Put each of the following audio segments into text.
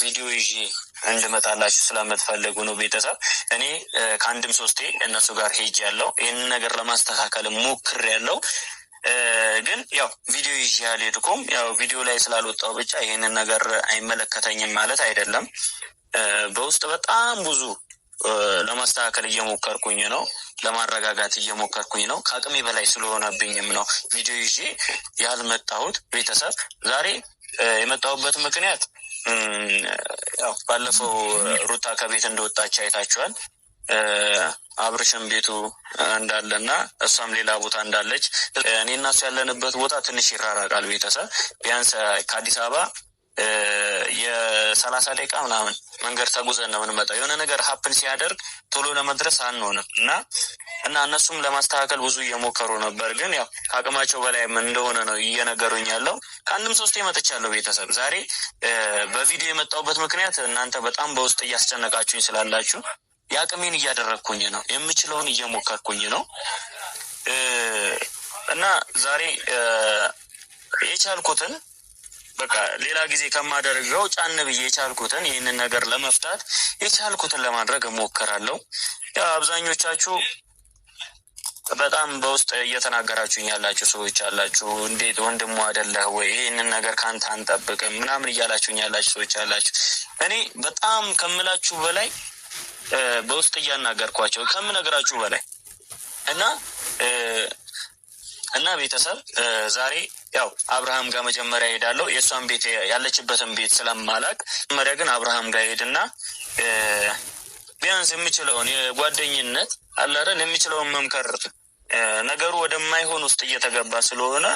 ቪዲዮ ይዤ እንድመጣላችሁ ስለምትፈልጉ ነው። ቤተሰብ እኔ ከአንድም ሶስቴ እነሱ ጋር ሄጅ ያለው ይህን ነገር ለማስተካከል ሞክር ያለው ግን ያው ቪዲዮ ይዤ አልሄድኩም። ያው ቪዲዮ ላይ ስላልወጣው ብቻ ይህንን ነገር አይመለከተኝም ማለት አይደለም። በውስጥ በጣም ብዙ ለማስተካከል እየሞከርኩኝ ነው፣ ለማረጋጋት እየሞከርኩኝ ነው። ከአቅሜ በላይ ስለሆነብኝም ነው ቪዲዮ ይዤ ያልመጣሁት። ቤተሰብ ዛሬ የመጣሁበት ምክንያት ያው ባለፈው ሩታ ከቤት እንደወጣች አይታችኋል። አብርሽም ቤቱ እንዳለና እሷም ሌላ ቦታ እንዳለች እኔ እና እሱ ያለንበት ቦታ ትንሽ ይራራቃል። ቤተሰብ ቢያንስ ከአዲስ አበባ የሰላሳ ደቂቃ ምናምን መንገድ ተጉዘን ነው የምንመጣው። የሆነ ነገር ሀፕን ሲያደርግ ቶሎ ለመድረስ አንሆንም እና እና እነሱም ለማስተካከል ብዙ እየሞከሩ ነበር፣ ግን ያው ከአቅማቸው በላይም እንደሆነ ነው እየነገሩኝ ያለው። ከአንድም ሶስቴ መጥቻለሁ። ቤተሰብ ዛሬ በቪዲዮ የመጣሁበት ምክንያት እናንተ በጣም በውስጥ እያስጨነቃችሁኝ ስላላችሁ የአቅሜን እያደረግኩኝ ነው፣ የምችለውን እየሞከርኩኝ ነው እና ዛሬ የቻልኩትን በቃ ሌላ ጊዜ ከማደርገው ጫን ብዬ የቻልኩትን ይህንን ነገር ለመፍታት የቻልኩትን ለማድረግ እሞክራለሁ። አብዛኞቻችሁ በጣም በውስጥ እየተናገራችሁ ያላችሁ ሰዎች አላችሁ። እንዴት ወንድሙ አይደለህ ወይ ይህንን ነገር ከአንተ አንጠብቅም ምናምን እያላችሁ ያላችሁ ሰዎች አላችሁ። እኔ በጣም ከምላችሁ በላይ በውስጥ እያናገርኳቸው ከምነግራችሁ በላይ እና እና ቤተሰብ ዛሬ ያው አብርሃም ጋር መጀመሪያ ሄዳለሁ። የእሷን ቤት ያለችበትን ቤት ስለማላቅ መጀመሪያ ግን አብርሃም ጋር ሄድና ቢያንስ የምችለውን የጓደኝነት አላረን የሚችለውን መምከር ነገሩ ወደማይሆን ውስጥ እየተገባ ስለሆነ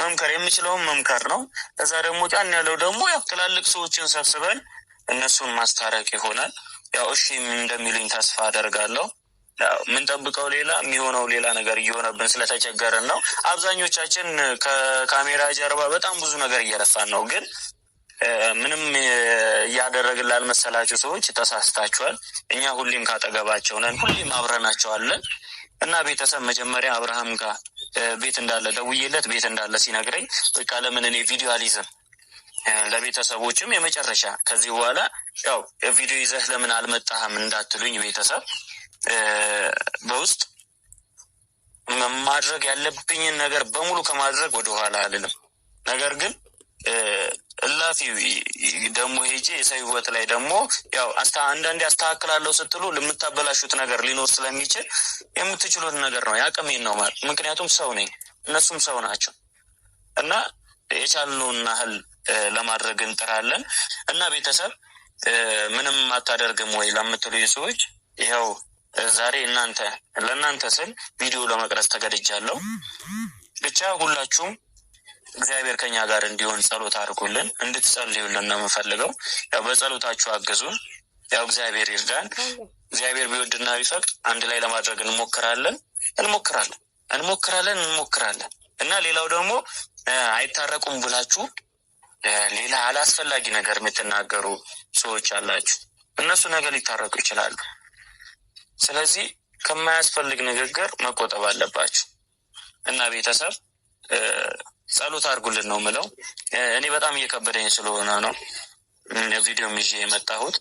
መምከር የሚችለውን መምከር ነው። እዛ ደግሞ ጫን ያለው ደግሞ ያው ትላልቅ ሰዎችን ሰብስበን እነሱን ማስታረቅ ይሆናል። ያው እሺ እንደሚሉኝ ተስፋ አደርጋለሁ። የምንጠብቀው ሌላ የሚሆነው ሌላ ነገር እየሆነብን ስለተቸገርን ነው። አብዛኞቻችን ከካሜራ ጀርባ በጣም ብዙ ነገር እየለፋን ነው፣ ግን ምንም እያደረግን ላልመሰላችሁ ሰዎች ተሳስታችኋል። እኛ ሁሌም ካጠገባቸው ነን፣ ሁሌም አብረናቸዋለን። እና ቤተሰብ መጀመሪያ አብርሃም ጋር ቤት እንዳለ ደውዬለት ቤት እንዳለ ሲነግረኝ በቃ ለምን እኔ ቪዲዮ አልይዝም ለቤተሰቦችም የመጨረሻ ከዚህ በኋላ ያው ቪዲዮ ይዘህ ለምን አልመጣህም እንዳትሉኝ ቤተሰብ በውስጥ ማድረግ ያለብኝን ነገር በሙሉ ከማድረግ ወደኋላ አልልም። ነገር ግን ኃላፊ ደግሞ ሄጄ የሰው ህይወት ላይ ደግሞ ያው አንዳንዴ አስተካክላለሁ ስትሉ የምታበላሹት ነገር ሊኖር ስለሚችል የምትችሉት ነገር ነው ያቅሜን ነው ማለት ምክንያቱም ሰው ነኝ እነሱም ሰው ናቸው እና የቻልነውን ያህል ለማድረግ እንጥራለን እና ቤተሰብ ምንም አታደርግም ወይ ለምትሉ ሰዎች ይኸው ዛሬ እናንተ ለእናንተ ስል ቪዲዮ ለመቅረጽ ተገድጃለሁ። ብቻ ሁላችሁም እግዚአብሔር ከኛ ጋር እንዲሆን ጸሎት አድርጉልን። እንድትጸልዩልን ነው የምንፈልገው። ያው በጸሎታችሁ አግዙን። ያው እግዚአብሔር ይርዳን። እግዚአብሔር ቢወድና ቢፈቅድ አንድ ላይ ለማድረግ እንሞክራለን እንሞክራለን እንሞክራለን እንሞክራለን እና ሌላው ደግሞ አይታረቁም ብላችሁ ሌላ አላስፈላጊ ነገር የምትናገሩ ሰዎች አላችሁ። እነሱ ነገር ሊታረቁ ይችላሉ። ስለዚህ ከማያስፈልግ ንግግር መቆጠብ አለባችሁ እና ቤተሰብ ጸሎት አድርጉልን ነው ምለው። እኔ በጣም እየከበደኝ ስለሆነ ነው ቪዲዮ ይዤ የመጣሁት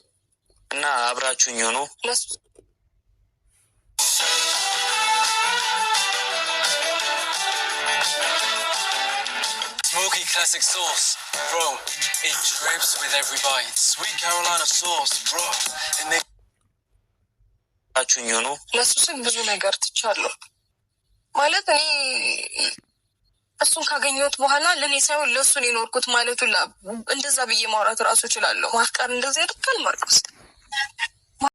እና አብራችሁኝ ሆኖ Smoky classic sauce, bro. It drips with every bite. Sweet Carolina sauce, bro. ለሱ ብዙ ነገር ትቻለሁ ማለት እኔ እሱን ካገኘሁት በኋላ ለእኔ ሳይሆን ለእሱን የኖርኩት ማለቱ እንደዛ ብዬ ማውራት እራሱ እችላለሁ። ማፍቀር እንደዚህ ያደርጋል ማርቆስ